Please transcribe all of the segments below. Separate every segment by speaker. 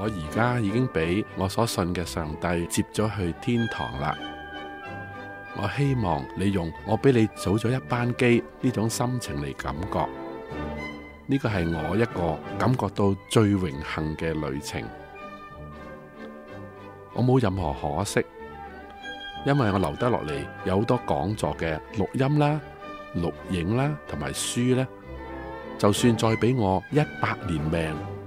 Speaker 1: 我而家已經俾我所信嘅上帝接咗去天堂啦！我希望你用我俾你早咗一班機呢種心情嚟感覺，呢個係我一個感覺到最榮幸嘅旅程。我冇任何可惜，因為我留得落嚟有好多講座嘅錄音啦、錄影啦同埋書咧，就算再俾我一百年命。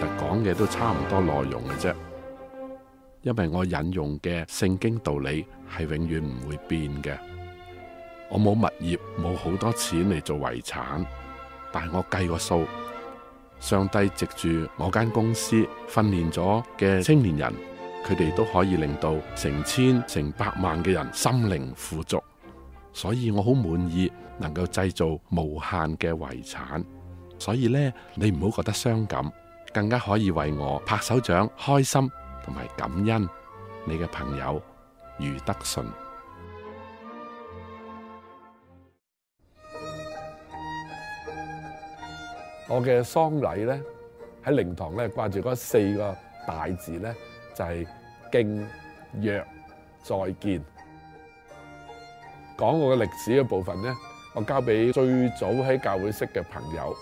Speaker 1: 其實講嘅都差唔多內容嘅啫，因為我引用嘅聖經道理係永遠唔會變嘅。我冇物業，冇好多錢嚟做遺產，但係我計個數，上帝藉住我間公司訓練咗嘅青年人，佢哋都可以令到成千成百萬嘅人心靈富足，所以我好滿意能夠製造無限嘅遺產。所以呢，你唔好覺得傷感。更加可以為我拍手掌，開心同埋感恩你嘅朋友余德順。我嘅喪禮咧，喺靈堂咧掛住嗰四個大字咧，就係、是、敬約再見。講我嘅歷史嘅部分咧，我交俾最早喺教會識嘅朋友。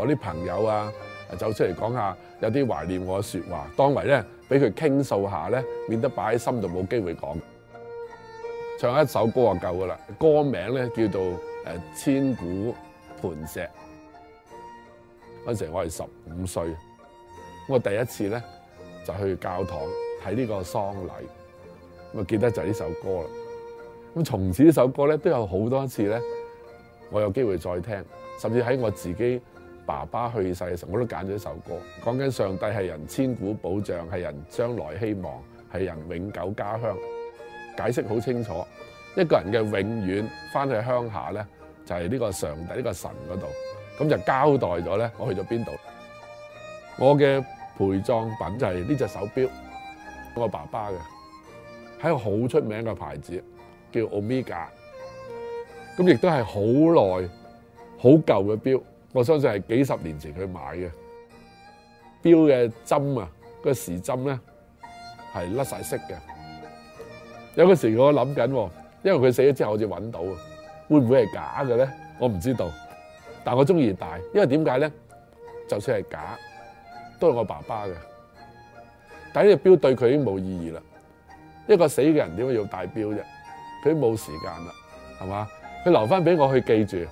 Speaker 1: 我啲朋友啊，走出嚟講下，有啲懷念我嘅説話，當為咧俾佢傾訴下咧，免得擺喺心度冇機會講。唱一首歌就夠噶啦，歌名咧叫做《誒千古磐石》。嗰時我係十五歲，我第一次咧就去教堂睇呢個喪禮，我記得就係呢首歌啦。咁從此呢首歌咧都有好多次咧，我有機會再聽，甚至喺我自己爸爸去世嘅時候，我都揀咗一首歌，講緊上帝係人千古保障，係人將來希望，係人永久家鄉。解釋好清楚，一個人嘅永遠翻去鄉下咧，就係呢個上帝呢個神嗰度。咁就交代咗咧，我去咗邊度？我嘅陪葬品就係呢隻手錶，我爸爸嘅，係一個好出名嘅牌子，叫 Omega。咁亦都係好耐、好舊嘅錶。我相信係幾十年前佢買嘅錶嘅針啊，個時針咧係甩晒色嘅。有嗰時候我諗緊，因為佢死咗之後我至揾到，啊，會唔會係假嘅咧？我唔知道。但我中意戴，因為點解咧？就算係假，都係我爸爸嘅。但呢隻錶對佢已經冇意義啦。一個死嘅人點解要戴錶啫？佢冇時間啦，係嘛？佢留翻俾我去記住。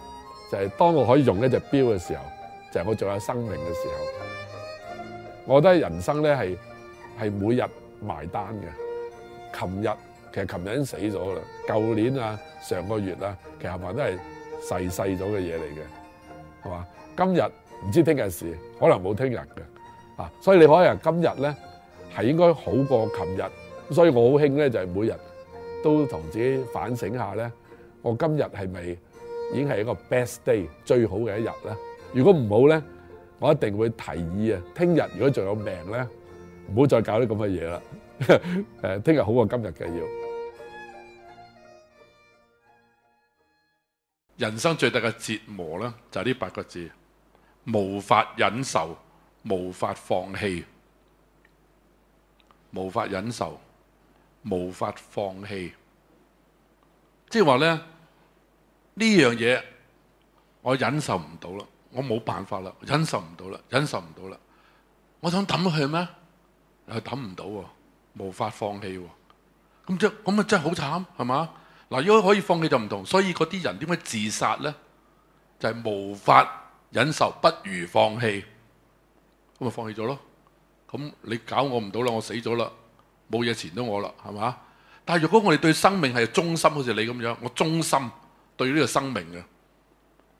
Speaker 1: 就係當我可以用呢隻錶嘅時候，就係我仲有生命嘅時候。我覺得人生咧係係每日埋單嘅。琴日其實琴日已經死咗啦，舊年啊、上個月啊，其實冚唪唥都係細細咗嘅嘢嚟嘅，係嘛？今日唔知聽日事，可能冇聽日嘅啊，所以你可能今日咧係應該好過琴日，所以我好興咧就係每日都同自己反省下咧，我今日係咪已經係一個 best day 最好嘅一日啦。如果唔好咧，我一定會提議啊。聽日如果仲有命咧，唔好再搞啲咁嘅嘢啦。誒，聽日好過今日嘅要。人生最大嘅折磨咧，就係呢八個字：無法忍受，無法放棄，無法忍受，無法放棄。即係話咧。呢樣嘢我忍受唔到啦，我冇辦法啦，忍受唔到啦，忍受唔到啦。我想抌咗佢咩？係抌唔到喎，無法放棄喎。咁即咁啊，真係好慘，係嘛？嗱，如果可以放棄就唔同，所以嗰啲人點解自殺呢？就係無法忍受，不如放棄。咁啊放棄咗咯。咁你搞我唔到啦，我死咗啦，冇嘢纏到我啦，係嘛？但係如果我哋對生命係忠心，好似你咁樣，我忠心。對於呢個生命嘅，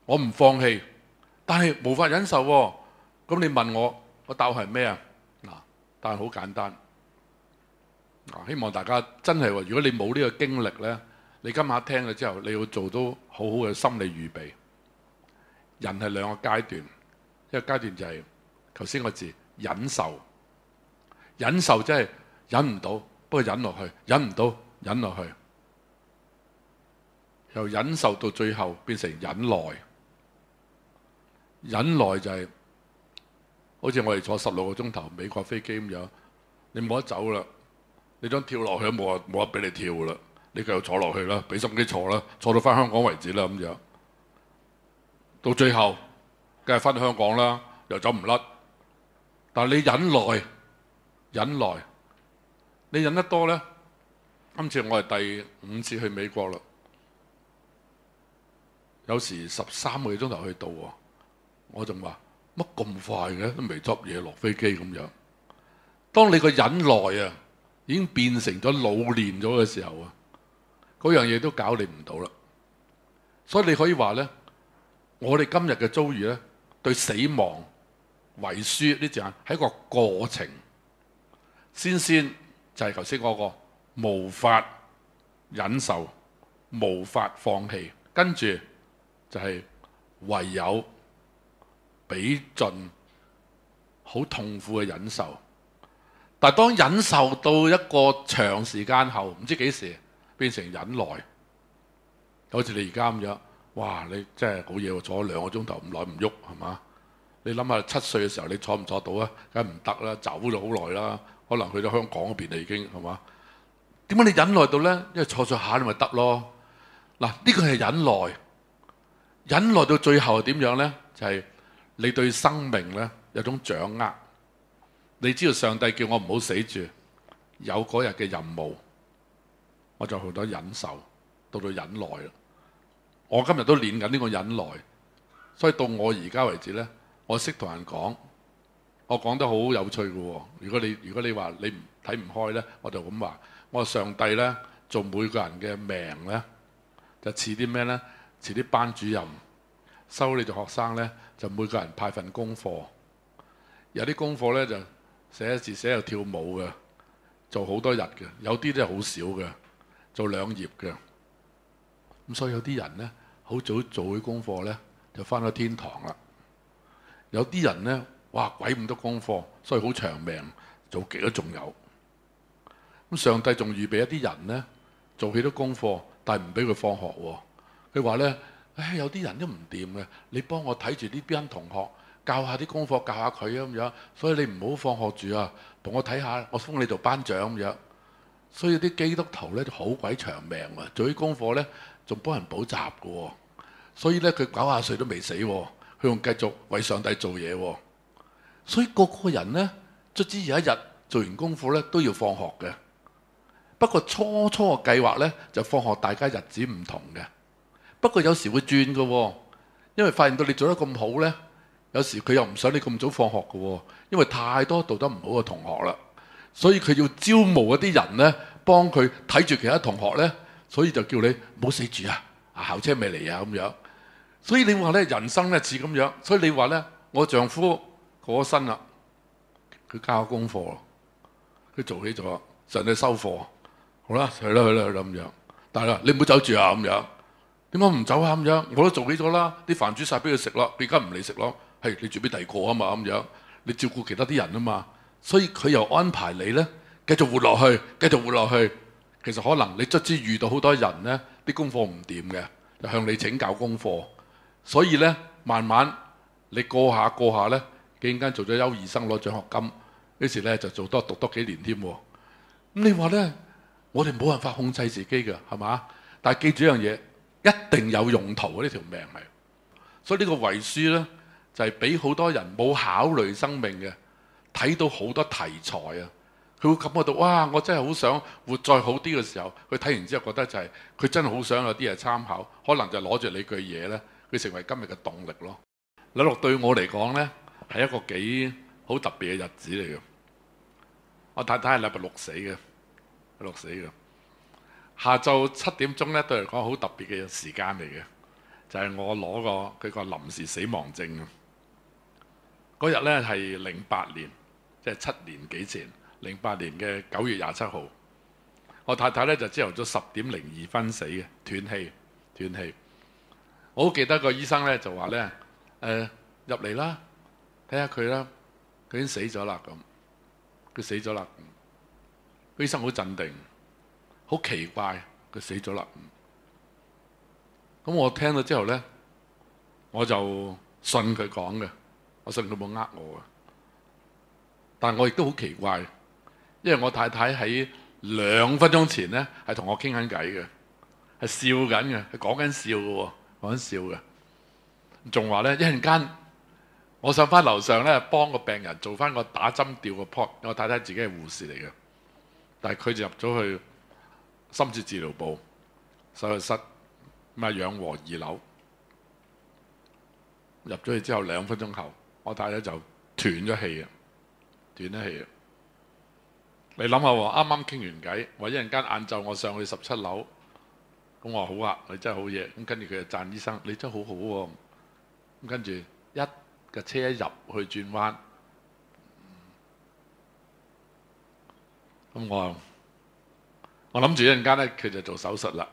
Speaker 1: 我唔放棄，但係無法忍受哦。咁你問我我鬥係咩啊？嗱，但係好簡單。希望大家真係話，如果你冇呢個經歷呢，你今晚聽咗之後，你要做到好好嘅心理預備。人係兩個階段，一個階段就係頭先個字忍受，忍受真係忍唔到，不過忍落去，忍唔到忍落去。由忍受到最後變成忍耐，忍耐就係好似我哋坐十六個鐘頭美國飛機咁樣，你冇得走啦，你想跳落去都冇冇得俾你跳啦，你繼續坐落去啦，俾心機坐啦，坐到翻香港為止啦咁樣，到最後梗係翻香港啦，又走唔甩，但係你忍耐，忍耐，你忍得多呢？今次我係第五次去美國啦。有時十三個幾鐘頭去到喎，我仲話乜咁快嘅，都未執嘢落飛機咁樣。當你個忍耐啊已經變成咗老練咗嘅時候啊，嗰樣嘢都搞你唔到啦。所以你可以話呢，我哋今日嘅遭遇呢，對死亡遺書呢隻眼係一個過程。先先就係頭先嗰個無法忍受、無法放棄，跟住。就係唯有俾盡好痛苦嘅忍受，但係當忍受到一個長時間後，唔知幾時變成忍耐，好似你而家咁樣，哇！你真係好嘢喎，坐兩個鐘頭唔耐唔喐係嘛？你諗下七歲嘅時候你坐唔坐到啊？梗係唔得啦，走咗好耐啦，可能去到香港嗰邊啦已經係嘛？點解你忍耐到咧？因為坐坐下你咪得咯。嗱，呢個係忍耐。忍耐到最後點樣呢？就係你對生命呢，有種掌握，你知道上帝叫我唔好死住，有嗰日嘅任務，我就好多忍受到咗忍耐啦。我今日都練緊呢個忍耐，所以到我而家為止呢，我識同人講，我講得好有趣嘅喎。如果你如果你話你唔睇唔開呢，我就咁話，我話上帝呢，做每個人嘅命呢，就似啲咩呢？」遲啲班主任收你做學生呢，就每個人派份功課。有啲功課呢，就寫字寫又跳舞嘅，做好多日嘅。有啲呢，好少嘅，做兩頁嘅。咁所以有啲人呢，好早做起功課呢，就翻到天堂啦。有啲人呢，哇，鬼咁多功課，所以好長命，做幾多仲有。咁上帝仲預備一啲人呢，做起咗功課，但係唔俾佢放學喎。佢話呢，唉，有啲人都唔掂嘅，你幫我睇住呢邊同學，教下啲功課，教下佢咁樣。所以你唔好放學住啊，同我睇下，我封你做班長咁樣。所以啲基督徒呢就好鬼長命喎，做啲功課呢，仲幫人補習嘅，所以呢，佢九十歲都未死，佢仲繼續為上帝做嘢。所以個個人呢，卒之有一日做完功課呢，都要放學嘅。不過初初嘅計劃呢，就放學，大家日子唔同嘅。不過有時會轉嘅、哦，因為發現到你做得咁好呢，有時佢又唔想你咁早放學嘅、哦，因為太多讀得唔好嘅同學啦，所以佢要招募一啲人呢，幫佢睇住其他同學呢，所以就叫你唔好死住啊！校車未嚟啊咁樣，所以你話呢，人生呢似咁樣，所以你話呢，我丈夫過咗身啦，佢交咗功課，佢做起咗，上帝收貨，好啦，去啦去啦去啦咁樣，但係啦你唔好走住啊咁樣。這樣點解唔走啊？咁樣我都做幾咗啦，啲飯煮晒俾佢食咯。你而家唔理食咯，係你做俾第二個啊嘛咁樣，你照顧其他啲人啊嘛，所以佢又安排你咧繼續活落去，繼續活落去。其實可能你卒之遇到好多人咧啲功課唔掂嘅，就向你請教功課。所以咧，慢慢你過下過下咧，竟然間做咗優異生攞獎學金，於是咧就做多讀多幾年添。咁你話咧，我哋冇辦法控制自己嘅係嘛？但係記住一樣嘢。一定有用途嘅呢條命係，所以呢個遺書呢，就係俾好多人冇考慮生命嘅，睇到好多題材啊，佢會感覺到哇，我真係好想活再好啲嘅時候，佢睇完之後覺得就係、是、佢真係好想有啲嘢參考，可能就攞住你句嘢呢，佢成為今日嘅動力咯。禮六對我嚟講呢，係一個幾好特別嘅日子嚟嘅，我太太係禮拜六死嘅，六死嘅。下晝七點鐘呢，對嚟講好特別嘅時間嚟嘅，就係、是、我攞個佢個臨時死亡證。嗰日呢係零八年，即係七年幾前，零八年嘅九月廿七號，我太太呢，就朝頭早十點零二分死嘅，斷氣斷氣。我好記得個醫生呢，就話呢：「誒入嚟啦，睇下佢啦，佢已經死咗啦。」咁，佢死咗啦，醫生好鎮定。好奇怪，佢死咗啦！咁我聽到之後呢，我就信佢講嘅，我信佢冇呃我嘅。但我亦都好奇怪，因為我太太喺兩分鐘前呢，係同我傾緊偈嘅，係笑緊嘅，講緊笑嘅，講緊笑嘅，仲話呢，一陣間，我想翻樓上呢，幫個病人做翻個打針吊個 port。我太太自己係護士嚟嘅，但係佢就入咗去。深切治療部手術室，咩啊，養和二樓入咗去之後，兩分鐘後，我太太就斷咗氣啊！斷咗氣啊！你諗下喎，啱啱傾完偈，我話一陣間晏晝我上去十七樓，咁我話好啊，你真係好嘢，咁跟住佢就讚醫生，你真係好好、啊、喎，咁跟住一架車一入去轉彎，咁我。我諗住一陣間呢，佢就做手術啦。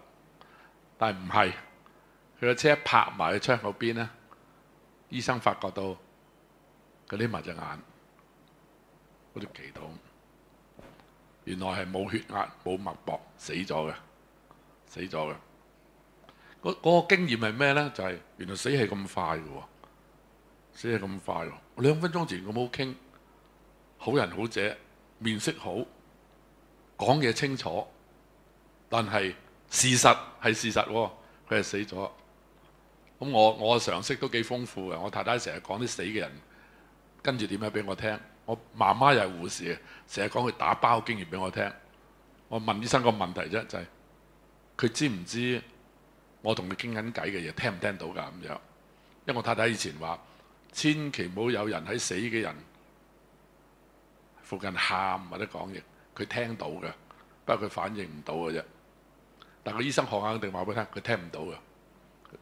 Speaker 1: 但係唔係，佢個車拍埋去窗口邊呢。醫生發覺到佢匿埋隻眼，好似祈禱，原來係冇血壓、冇脈搏，死咗嘅，死咗嘅。嗰、嗰個經驗係咩呢？就係、係、原來死係咁快㗎喎，死係咁快喎。兩分鐘前我冇傾，好人好者，面色好，講嘢清楚。但係事實係事實，佢係死咗。咁我我嘅常識都幾豐富嘅。我太太成日講啲死嘅人跟住點樣俾我聽。我媽媽又係護士，成日講佢打包經驗俾我聽。我問醫生個問題啫，就係佢知唔知我同佢傾緊偈嘅嘢，聽唔聽到㗎咁樣？因為我太太以前話，千祈唔好有人喺死嘅人附近喊或者講嘢，佢聽到嘅，不過佢反應唔到嘅啫。但個醫生學硬定話俾佢聽，佢聽唔到嘅，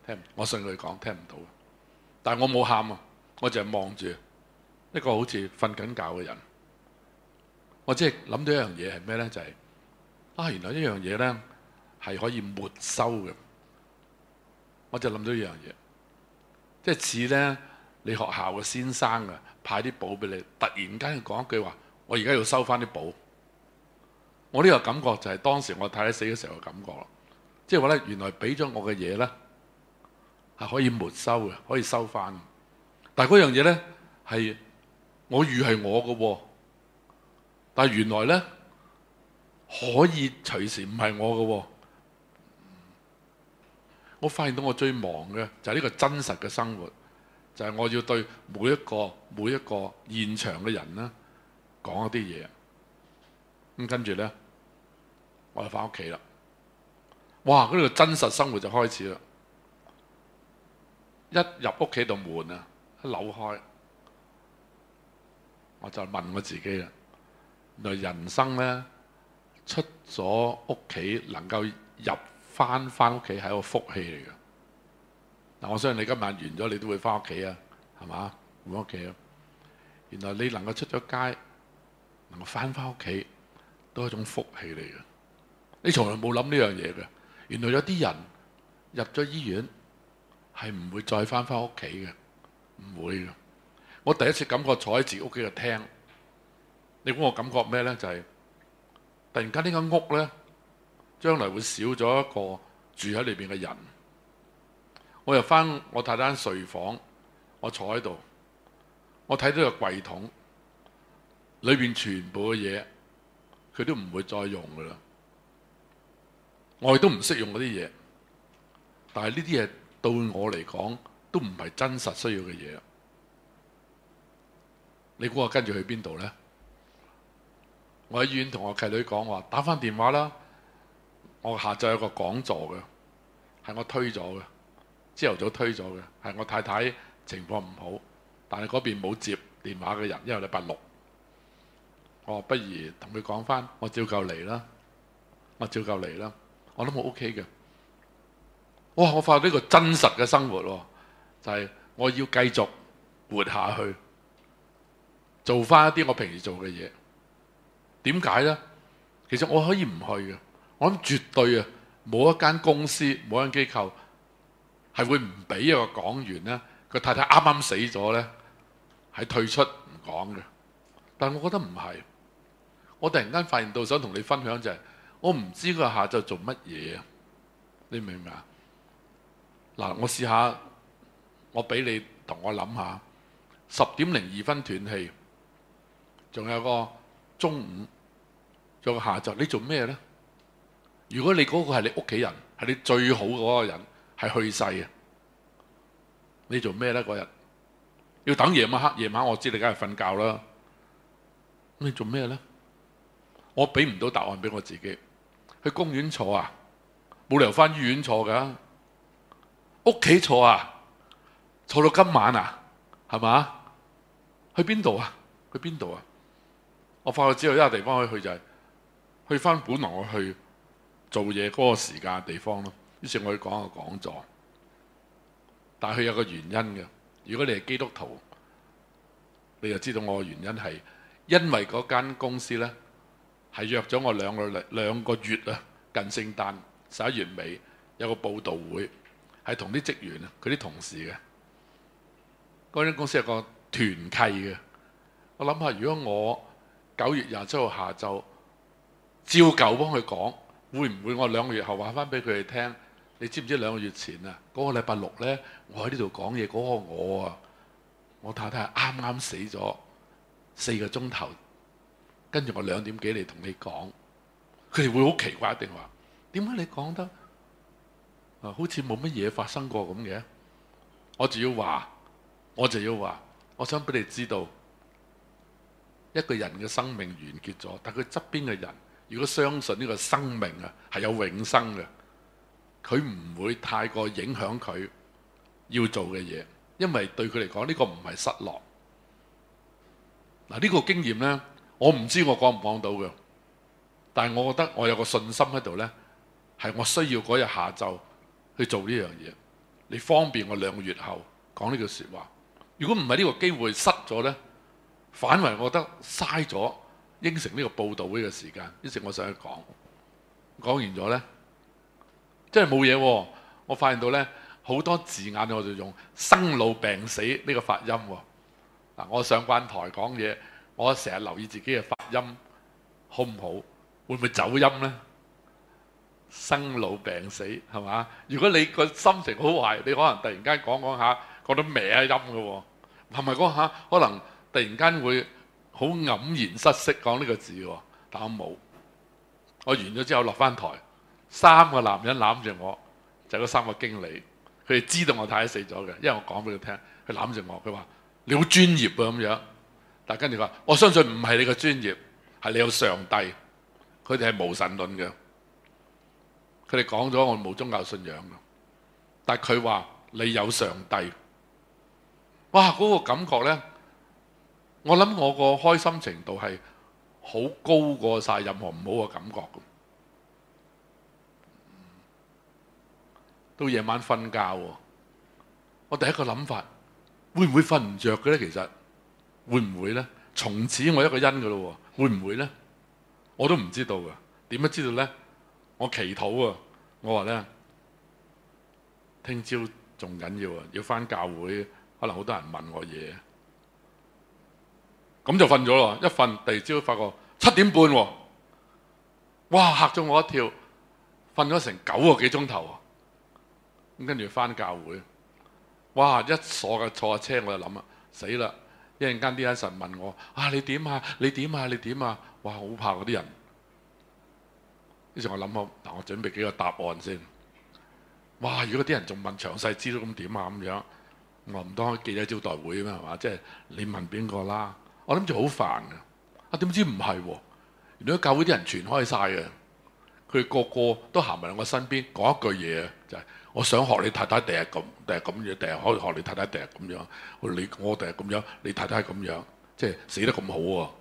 Speaker 1: 聽我信佢講聽唔到。但係我冇喊啊，我淨係望住一個好似瞓緊覺嘅人。我只係諗到一樣嘢係咩呢？就係啊，原來呢樣嘢呢係可以沒收嘅。我就諗到一樣嘢，即係似呢：「你學校嘅先生啊，派啲簿俾你，突然間講一句話，我而家要收翻啲簿。」我呢個感覺就係當時我太太死嘅時候嘅感覺咯，即係話呢，原來俾咗我嘅嘢呢，係可以沒收嘅，可以收翻嘅。但係嗰樣嘢呢，係我預係我嘅喎，但係原來呢，可以隨時唔係我嘅喎。我發現到我最忙嘅就係呢個真實嘅生活，就係我要對每一個每一個現場嘅人說呢講一啲嘢。咁跟住呢。我就翻屋企啦，哇！嗰度真實生活就開始啦。
Speaker 2: 一
Speaker 1: 入屋企度門啊，一扭開，我就問我自己啦：原來人生呢，出咗屋企，能夠入翻翻屋企，係一個福氣嚟嘅。嗱，我相信你今晚完咗，你都會翻屋企啊，係嘛？回屋企啊！原來你能夠出咗街，能夠翻翻屋企，都係一種福氣嚟嘅。你從來冇諗呢樣嘢嘅，原來有啲人入咗醫院係唔會再翻翻屋企嘅，唔會嘅。我第一次感覺坐喺自己屋企嘅廳，你估我感覺咩呢？就係，突然間呢間屋呢，將來會少咗一個住喺裏邊嘅人。我又翻我太太睡房，我坐喺度，我睇到個櫃桶裏邊全部嘅嘢，佢都唔會再用噶啦。我亦都唔識用嗰啲嘢，但係呢啲嘢對我嚟講都唔係真實需要嘅嘢。你估我跟住去邊度呢？我喺醫院同我契女講話，打返電話啦。我下晝有個講座嘅，係我推咗嘅，朝頭早推咗嘅，係我太太情況唔好，但係嗰邊冇接電話嘅人，因為禮拜六。我話不如同佢講返，我照舊嚟啦，我照舊嚟啦。我諗我 OK 嘅，哇、哦！我發覺呢個真實嘅生活喎，就係、是、我要繼續活下去，做翻一啲我平時做嘅嘢。點解呢？其實我可以唔去嘅，我諗絕對啊，冇一間公司、冇一間機構係會唔俾一個講員呢。佢太太啱啱死咗呢，係退出唔講嘅。但我覺得唔係，我突然間發現到想同你分享就係。我唔知佢下晝做乜嘢啊？你明唔明啊？嗱，我試下，我俾你同我諗下，十點零二分斷氣，仲有個中午，仲有個下晝，你做咩呢？如果你嗰個係你屋企人，係你最好嗰個人，係去世嘅，你做咩呢？嗰日要等夜晚黑，夜晚我知你梗係瞓覺啦。你，你做咩呢？我畀唔到答案俾我自己。去公園坐啊，冇理由翻醫院坐噶，啊，屋企坐啊，坐到今晚啊，係嘛？去邊度啊？去邊度啊？我發覺只有一個地方可以去就係，是，去翻本來我去做嘢嗰個時間嘅地方咯。於是我去講一個講座，但係佢有個原因嘅。如果你係基督徒，你就知道我嘅原因係因為嗰間公司咧。係約咗我兩個兩兩個月啊，近聖誕十一月尾有個報道會，係同啲職員啊，佢啲同事嘅，嗰間公司有個團契嘅。我諗下，如果我九月廿七號下晝照舊幫佢講，會唔會我兩個月後話翻俾佢哋聽？你知唔知兩個月前啊，嗰個禮拜六呢，我喺呢度講嘢嗰個我啊，我太太啱啱死咗四個鐘頭。跟住我兩點幾嚟同你講，佢哋會好奇怪，一定話點解你講得好似冇乜嘢發生過咁嘅，我就要話，我就要話，我想俾你知道，一個人嘅生命完結咗，但佢側邊嘅人，如果相信呢個生命啊係有永生嘅，佢唔會太過影響佢要做嘅嘢，因為對佢嚟講呢個唔係失落嗱。呢個經驗呢。我唔知我講唔講到嘅，但係我覺得我有個信心喺度呢，係我需要嗰日下晝去做呢樣嘢。你方便我兩個月後講呢句説話。如果唔係呢個機會失咗呢，反為我覺得嘥咗應承呢個報道會嘅時間。於是我想去講，講完咗呢，真係冇嘢。我發現到呢，好多字眼我就用生老病死呢個發音喎。我上慣台講嘢。我成日留意自己嘅發音好唔好，會唔會走音呢？生老病死係嘛？如果你個心情好壞，你可能突然間講講下覺得歪音嘅喎，係咪，同埋講下可能突然間會好黯然失色講呢個字喎，但我冇。我完咗之後落翻台，三個男人攬住我，就係嗰三個經理，佢哋知道我太太死咗嘅，因為我講俾佢聽，佢攬住我，佢話你好專業啊咁樣。但跟住佢話：我相信唔係你個專業，係你有上帝。佢哋係無神論嘅，佢哋講咗我冇宗教信仰啦。但佢話你有上帝，哇！嗰個感覺呢，我諗我個開心程度係好高過晒任何唔好嘅感覺。到夜晚瞓覺，我第一個諗法會唔會瞓唔著嘅呢？其實。會唔會呢？從此我一個因噶咯喎，會唔會呢？我都唔知道噶點樣知道呢？我祈禱啊！我話呢，聽朝仲緊要啊，要返教會，可能好多人問我嘢，咁就瞓咗咯。一瞓第二朝發覺七點半喎、啊，哇，吓咗我一跳，瞓咗成九個幾鐘頭啊！咁跟住返教會，哇，一坐嘅，坐下車我就諗啊，死啦！一陣間啲阿神問我啊，你點啊？你點啊？你點啊？哇，好怕嗰啲人。於是我諗下嗱，我準備幾個答案先。哇，如果啲人仲問詳細資料咁點啊咁樣，我唔當記者招待會咩係嘛？即係你問邊個啦？我諗住好煩嘅。啊，點知唔係？如果、啊啊、教會啲人全開晒嘅，佢個個都行埋我身邊講一句嘢啊，就係、是。我想學你太太這樣，第日咁，第日可以學你太太，第日這樣。你我第樣，你太太係咁樣，即係死得咁好。